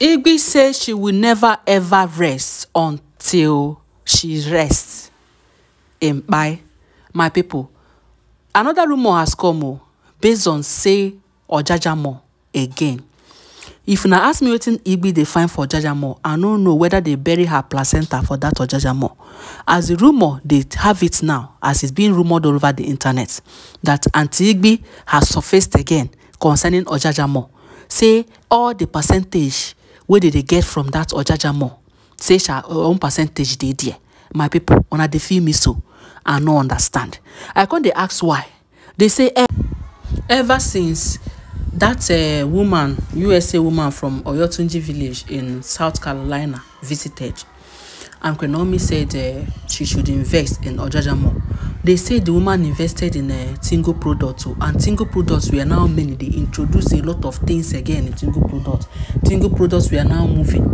Igby says she will never ever rest until she rests in Pai. My people, another rumor has come Oh, based on say or Ojajamo again. If you ask me wetin Igby dey find for Ojajamo, I don't know whether they bury her placenta for that or Ojajamo. As the rumor they have it now, as it's being rumored all over the internet, that Aunty Igby has surfaced again concerning Ojajamo. Say all the percentage wey dey dey get from dat ojaja mall say her uh, one percentage dey there my pipo una dey feel me so i no understand i con dey ask why dey say eh, ever since dat uh, woman usa woman from oyotunji village in south carolina visited and kwenomi said uh, she should invest in ojaja mall They say the woman invested in a eh, Tingo product too, oh, and Tingo products were now many. They introduce a lot of things again in Tingo products. Tingo products were now moving.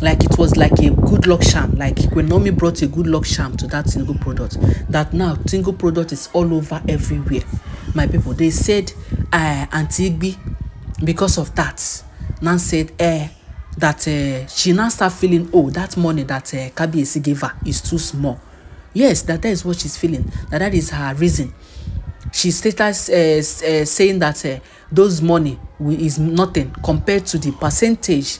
Like it was like a good luck charm. Like Kwenomi brought a good luck charm to that Tingo product. That now Tingo product is all over everywhere. My people, they said uh, eh, Auntie Igby, because of that, Nan said, eh, that uh, she now start feeling, oh, that money that uh, Kabiesi gave her is too small. Yes, that, that is what she's feeling. That that is her reason. She stated uh, uh, saying that uh, those money is nothing compared to the percentage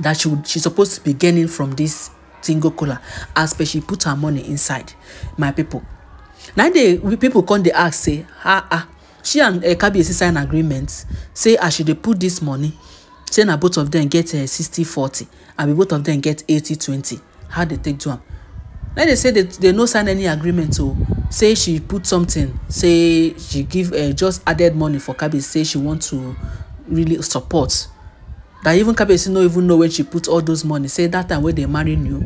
that she would, she's supposed to be gaining from this single cola as per she put her money inside. My people. Now they people come they ask say ah ah she and uh, Kabiyesi sign agreement say I should dey put this money say na both of them get uh, forty, 40 and both of them get eighty twenty. how they take do am let they say they they no sign any agreement o say she put something say she give uh, just added money for kabiyesi say she want to really support that even kabiyesi no even know when she put all those money say that time wey they marry new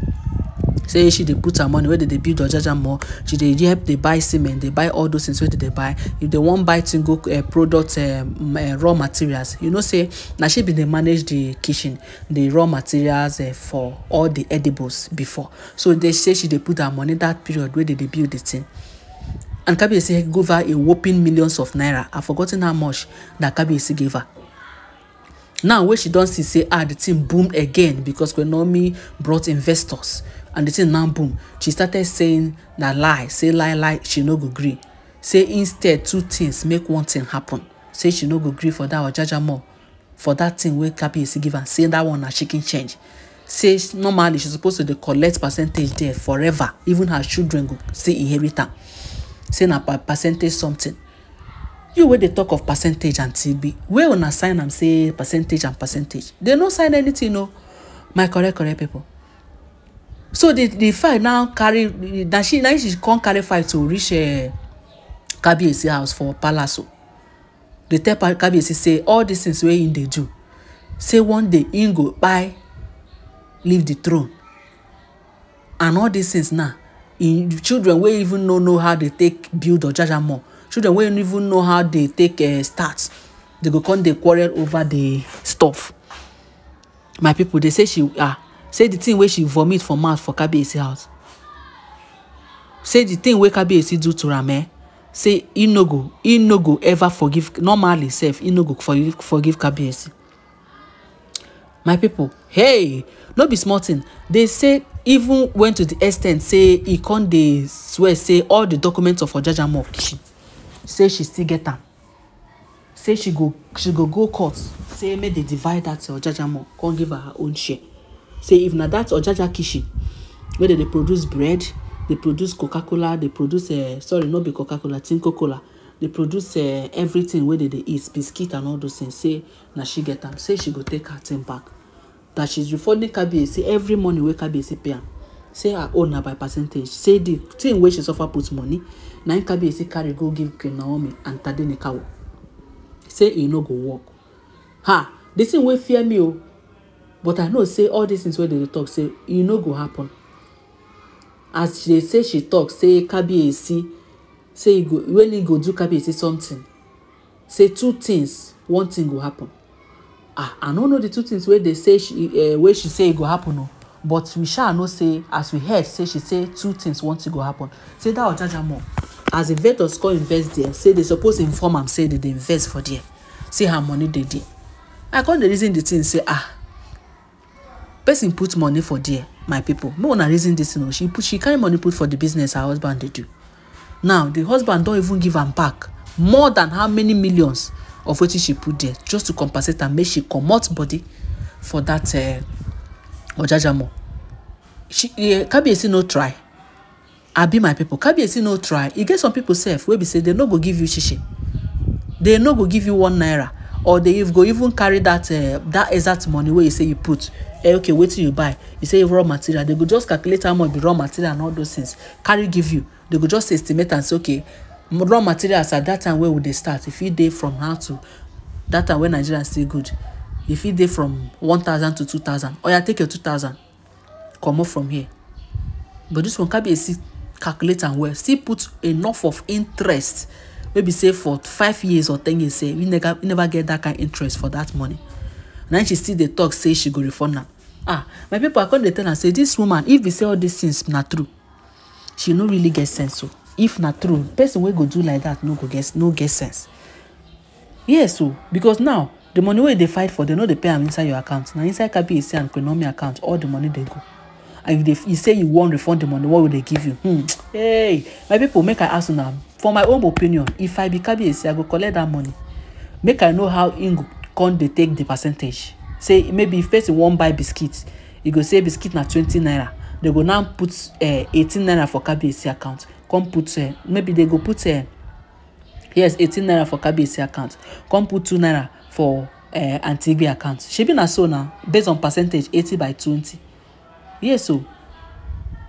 say she dey put her money wey dey build ojaja mall she dey help dey buy cement dey buy all those things wey dey dey buy if dey wan buy tingo eh, product eh, eh, raw materials you know say na she bin dey manage the kitchen the raw materials for all the edibles before so they say she dey put her money that period wey dey dey build the thing and kabiyesi gave her a whopping millions of naira i forgotten how much na kabiyesi gave her now wey she don see say ah the thing boom again because kwenomi brought investors and the thing now boom she started saying na lie say lie lie she no go gree say instead two things make one thing happen say she no go gree for that ojaja mall for that thing wey kabiyesi give am say that one na chicken change say normally she suppose to dey collect percentage there forever even her children go still inherit am say na per percentage something you wey dey talk of percentage and tb wey una sign am say percentage and percentage dey no sign anything o no. my correct correct people so the the fight now carry na she na she come carry fight to reach uh, kabiyesi house for palace o dey tell kabiyesi say all these things wey im dey do say one day im go kpai leave the throne and all these things now im children wey even no know how dey take build ojaja more children wey even know how dey take uh, start dey go come dey quarrel over the stuff my people dey say she ah say the thing wey she vomit for mouth for kabiyesi house say the thing wey kabiyesi do to am eh say he no go he no go ever forgive normally sef He no go forgive forgive kabiyesi my pipo hey no be small thing. dey say even went to di extent say e con dey swear say all the documents of ojaja kishi say she still get am say she go she go go court say make they divide that ojaja mall come give her her own share say if na that ojaja kitchen wey dem dey produce bread dey produce coca cola dey produce uh, sorry no be coca cola tinko cola dey produce uh, everything wey dem dey eat biscuit and all those things say na she get am say she go take her thing back that she's refunding kabiyesi every money wey kabiyesi pay am say her own na by percentage say the thing wey she suffer put money na im kabiyesi carry go give queen naomi and tade nikawo say e no go work ha the thing wey fear me o oh, but i know say all these things wey dem dey talk say e no go happen as she dey say she talk say kabiyesi say e go when e go do kabiyesi something say two things one thing go happen ah i no know the two things wey dey say she uh, wey she say e go happen o but we sha know say as we heard say she say two things one thing go happen say that ojaja mall as investors come invest there say they suppose inform am say they dey invest for there say her money dey there i come dey reason the thing say ah person put money for there my people make una reason this, thing know. she put she carry money put for the business her husband dey do now the husband don even give am back more than how many millions of wetin she put there just to compensate am make she comot body for that uh, ojajamo she uh, kabiyesi no try abi my people kabiyesi no try e get some people sef wey be say dem no go give you shishi dem no go give you one naira or dey go even carry that uh, that exact money wey you say you put eh, okay wetin you buy you say raw material they go just calculate how much be raw material and all those things carry give you they go just estimate and say okay raw materials at that time wey we dey start e fit dey from now to that time wey nigeria still good e fit dey from one thousand to two thousand oya take your two thousand comot from here but this one kabiyesi calculate am well still put enough of interest wey be say for five years or ten years say you never you never get that kind interest for that money na she still dey talk say she go refund am ah my people i come dey tell am say this woman if be say all these things na true she no really get sense o oh. if na true person wey go do like that no go get no get sense yes o oh, because now the money wey you dey fight for dem no dey pay am inside your account na inside kpec and koinomi account all the money dey go and you dey you say you wan refund the money what we dey give you hmm hey my people make i ask una for my own opinion if i be kabiyesi i go collect that money make i know how e go come dey take the percentage say maybe if person wan buy biscuit e go say biscuit na twenty naira they go now put eh, eighteen uh, naira for KBC account come put uh, maybe they go put uh, yes eighteen naira for KBC account come put two naira for uh, antigbe account shebi na so na based on percentage eighty by twenty yes o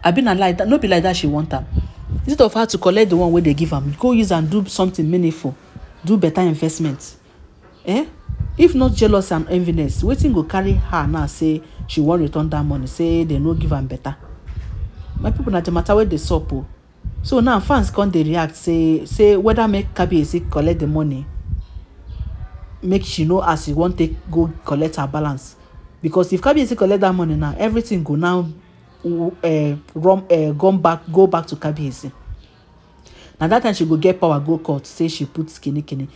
abi na like that no be like that she want am instead of her to collect the one wey dey give am go use am do something meaningful do better investment eh if not jealous and enviness wetin go carry her now say she wan return that money say dem no give am better. my people, na di mata wey dey sup o so now fans come dey react say say whether make kabiyesi collect the money make she know as she wan take go collect her balance because if kabiyesi collect that money now everything go now uh, eh, run uh, eh, gone back go back to kabiyesi na that time she go get power go court say she put skinny skinny.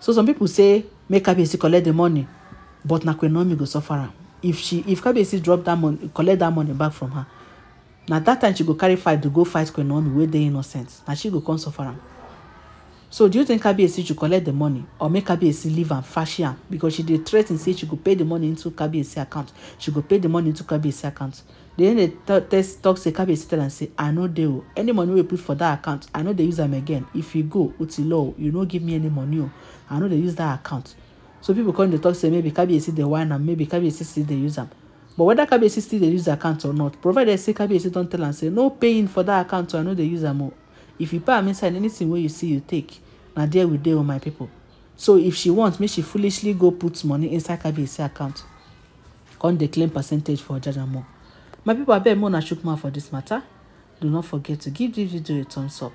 so some people say make kabiyesi collect the money but na queen naomi go suffer am if she if kabiyesi drop that money collect that money back from her na that time she go carry fight to go fight queen naomi wey dey innocent na she go come suffer am so do you think kabiyesi should collect the money or make kabiyesi leave am fashi am because she dey threa ten say she go pay the money into kabiyesi account she go pay the money into kabiyesi account then they test talk say kabiyesi tell am say i no dey o any money wey you put for that account i no dey use am again if you go utilo you no give me any money o oh. i no dey use that account so people come dey talk say maybe kabiyesi dey whine am maybe kabiyesi still dey use am but whether kabiyesi still dey use the account or not provided say kabiyesi don tell am say no paying for that account o i no dey use am o oh. if you pay am inside anything wey you see you take na there we dey o oh my people so if she want make she foolishly go put money inside kabiyesi account come dey claim percentage for ojajamo my people abeg more na chook mouth for this matter do not forget to give this video a thumbs up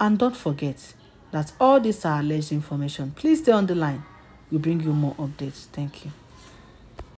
and don't forget that all this are alleged information please stay on the line we bring you more updates thank you